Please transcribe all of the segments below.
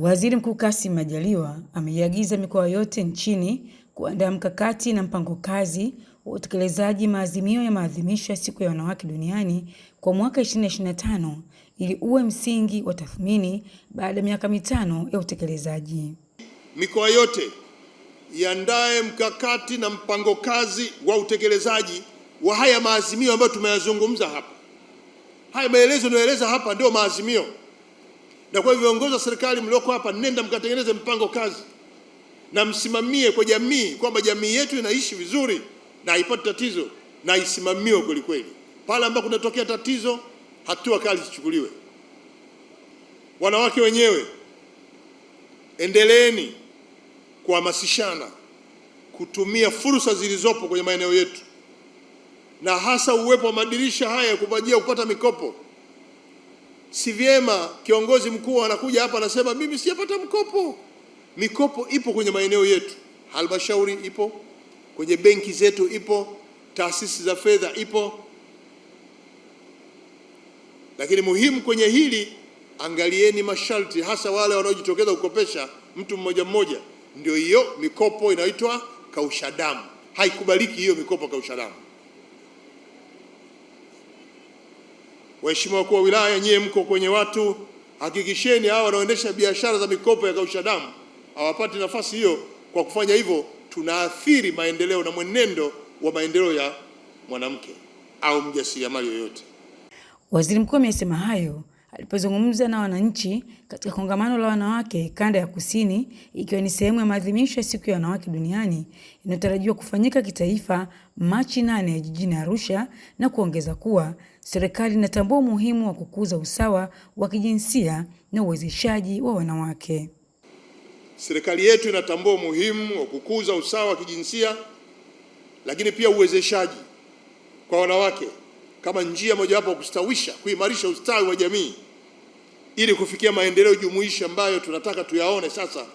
Waziri Mkuu Kassim Majaliwa ameiagiza mikoa yote nchini kuandaa mkakati na mpango kazi wa utekelezaji maazimio ya maadhimisho ya Siku ya Wanawake Duniani kwa mwaka 2025 ili uwe msingi wa tathmini baada ya miaka mitano ya utekelezaji. Mikoa yote iandae mkakati na mpango kazi wa utekelezaji wa haya maazimio ambayo tumeyazungumza hapa. Haya maelezo nayoeleza hapa ndio maazimio. Na kwa hivyo viongozi wa serikali mlioko hapa, nenda mkatengeneze mpango kazi na msimamie kwa jamii kwamba jamii yetu inaishi vizuri na haipati tatizo na isimamiwe kweli kweli. Pale ambapo kunatokea tatizo, hatua kali zichukuliwe. Wanawake wenyewe, endeleeni kuhamasishana kutumia fursa zilizopo kwenye maeneo yetu na hasa uwepo wa madirisha haya ya kupajia kupata mikopo. Si vyema kiongozi mkuu anakuja hapa anasema mimi sijapata mkopo. Mikopo ipo kwenye maeneo yetu, halmashauri ipo, kwenye benki zetu ipo, taasisi za fedha ipo, lakini muhimu kwenye hili, angalieni masharti, hasa wale wanaojitokeza kukopesha mtu mmoja mmoja. Ndio hiyo mikopo inaitwa kausha damu, haikubaliki hiyo mikopo kausha damu. Waheshimiwa wakuu wa wilaya, nyie mko kwenye watu, hakikisheni hawa wanaoendesha biashara za mikopo ya kausha damu hawapati nafasi hiyo. Kwa kufanya hivyo, tunaathiri maendeleo na mwenendo wa maendeleo ya mwanamke au mjasiriamali yoyote. Waziri Mkuu amesema hayo alipozungumza na wananchi katika kongamano la wanawake kanda ya kusini ikiwa ni sehemu ya maadhimisho ya siku ya wanawake duniani inayotarajiwa kufanyika kitaifa Machi ya jijini Arusha, na kuongeza kuwa serikali inatambua umuhimu wa kukuza usawa wa kijinsia na uwezeshaji wa wanawake. Serikali yetu inatambua umuhimu wa kukuza usawa wa kijinsia lakini pia uwezeshaji kwa wanawake kama njia mojawapo ya kustawisha, kuimarisha ustawi wa jamii ili kufikia maendeleo jumuishi ambayo tunataka tuyaone sasa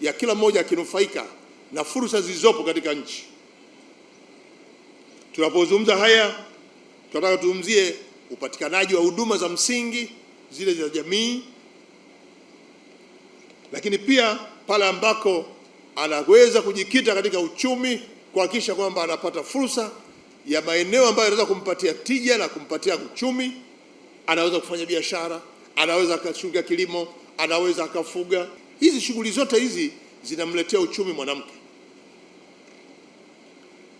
ya kila mmoja akinufaika na fursa zilizopo katika nchi. Tunapozungumza haya, tunataka tuzungumzie upatikanaji wa huduma za msingi zile za jamii, lakini pia pale ambako anaweza kujikita katika uchumi, kuhakikisha kwamba anapata fursa ya maeneo ambayo anaweza kumpatia tija na kumpatia uchumi, anaweza kufanya biashara anaweza akachunga kilimo, anaweza akafuga. Hizi shughuli zote hizi zinamletea uchumi mwanamke.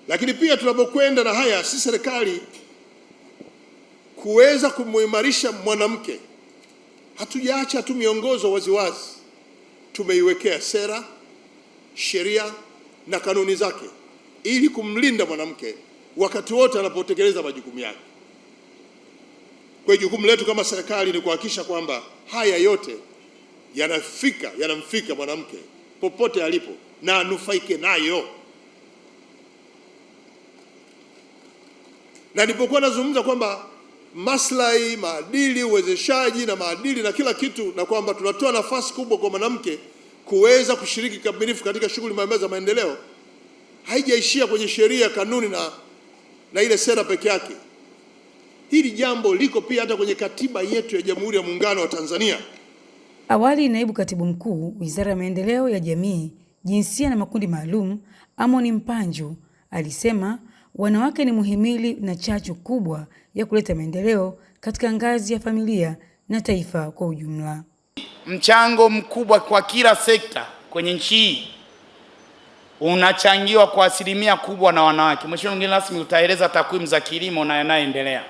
Lakini pia tunapokwenda na haya, si serikali kuweza kumuimarisha mwanamke, hatujaacha tu miongozo waziwazi, tumeiwekea sera, sheria na kanuni zake ili kumlinda mwanamke wakati wote anapotekeleza majukumu yake. Kwa hiyo jukumu letu kama serikali ni kuhakikisha kwamba haya yote yanafika yanamfika mwanamke popote alipo na anufaike nayo. Na nilipokuwa nazungumza kwamba maslahi, maadili, uwezeshaji na maadili na kila kitu, na kwamba tunatoa nafasi kubwa kwa mwanamke kuweza kushiriki kikamilifu katika shughuli mbalimbali za maendeleo, haijaishia kwenye sheria, kanuni na, na ile sera peke yake. Hili jambo liko pia hata kwenye katiba yetu ya Jamhuri ya Muungano wa Tanzania. Awali, naibu katibu mkuu Wizara ya Maendeleo ya Jamii, Jinsia na Makundi Maalum, Amon Mpanju alisema wanawake ni muhimili na chachu kubwa ya kuleta maendeleo katika ngazi ya familia na taifa kwa ujumla. Mchango mkubwa kwa kila sekta kwenye nchi hii unachangiwa kwa asilimia kubwa na wanawake. Mheshimiwa mgeni rasmi, utaeleza takwimu za kilimo na yanayoendelea.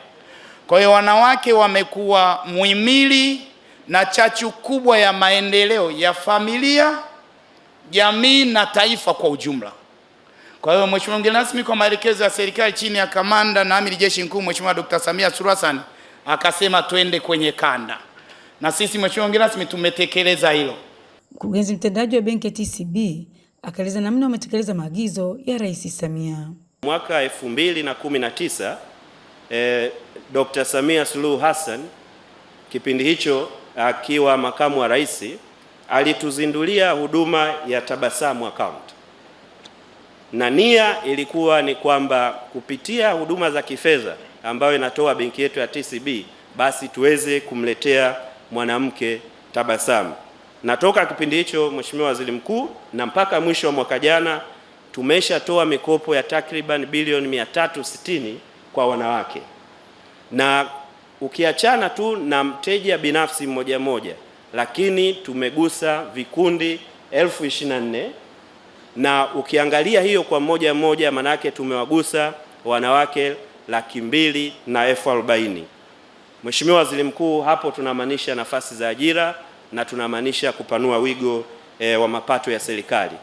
Kwa hiyo wanawake wamekuwa muhimili na chachu kubwa ya maendeleo ya familia, jamii na taifa kwa ujumla. Kwa hiyo Mheshimiwa mgeni rasmi, kwa maelekezo ya serikali chini ya kamanda na amiri jeshi mkuu Mheshimiwa Dkt. Samia Suluhu Hassan akasema twende kwenye kanda, na sisi Mheshimiwa mgeni rasmi tumetekeleza hilo. Mkurugenzi mtendaji wa benki ya TCB akaeleza namna wametekeleza maagizo ya Rais Samia mwaka 2019 eh, Dr. Samia Suluhu Hassan kipindi hicho akiwa makamu wa rais alituzindulia huduma ya Tabasamu account, na nia ilikuwa ni kwamba kupitia huduma za kifedha ambayo inatoa benki yetu ya TCB basi tuweze kumletea mwanamke tabasamu. Na toka kipindi hicho, Mheshimiwa Waziri Mkuu, na mpaka mwisho wa mwaka jana tumeshatoa mikopo ya takriban bilioni 360 kwa wanawake, na ukiachana tu na mteja binafsi mmoja mmoja, lakini tumegusa vikundi elfu ishirini na nne na ukiangalia hiyo kwa mmoja mmoja, manake tumewagusa wanawake laki mbili na elfu arobaini. Mheshimiwa Waziri Mkuu, hapo tunamaanisha nafasi za ajira na tunamaanisha kupanua wigo e, wa mapato ya serikali.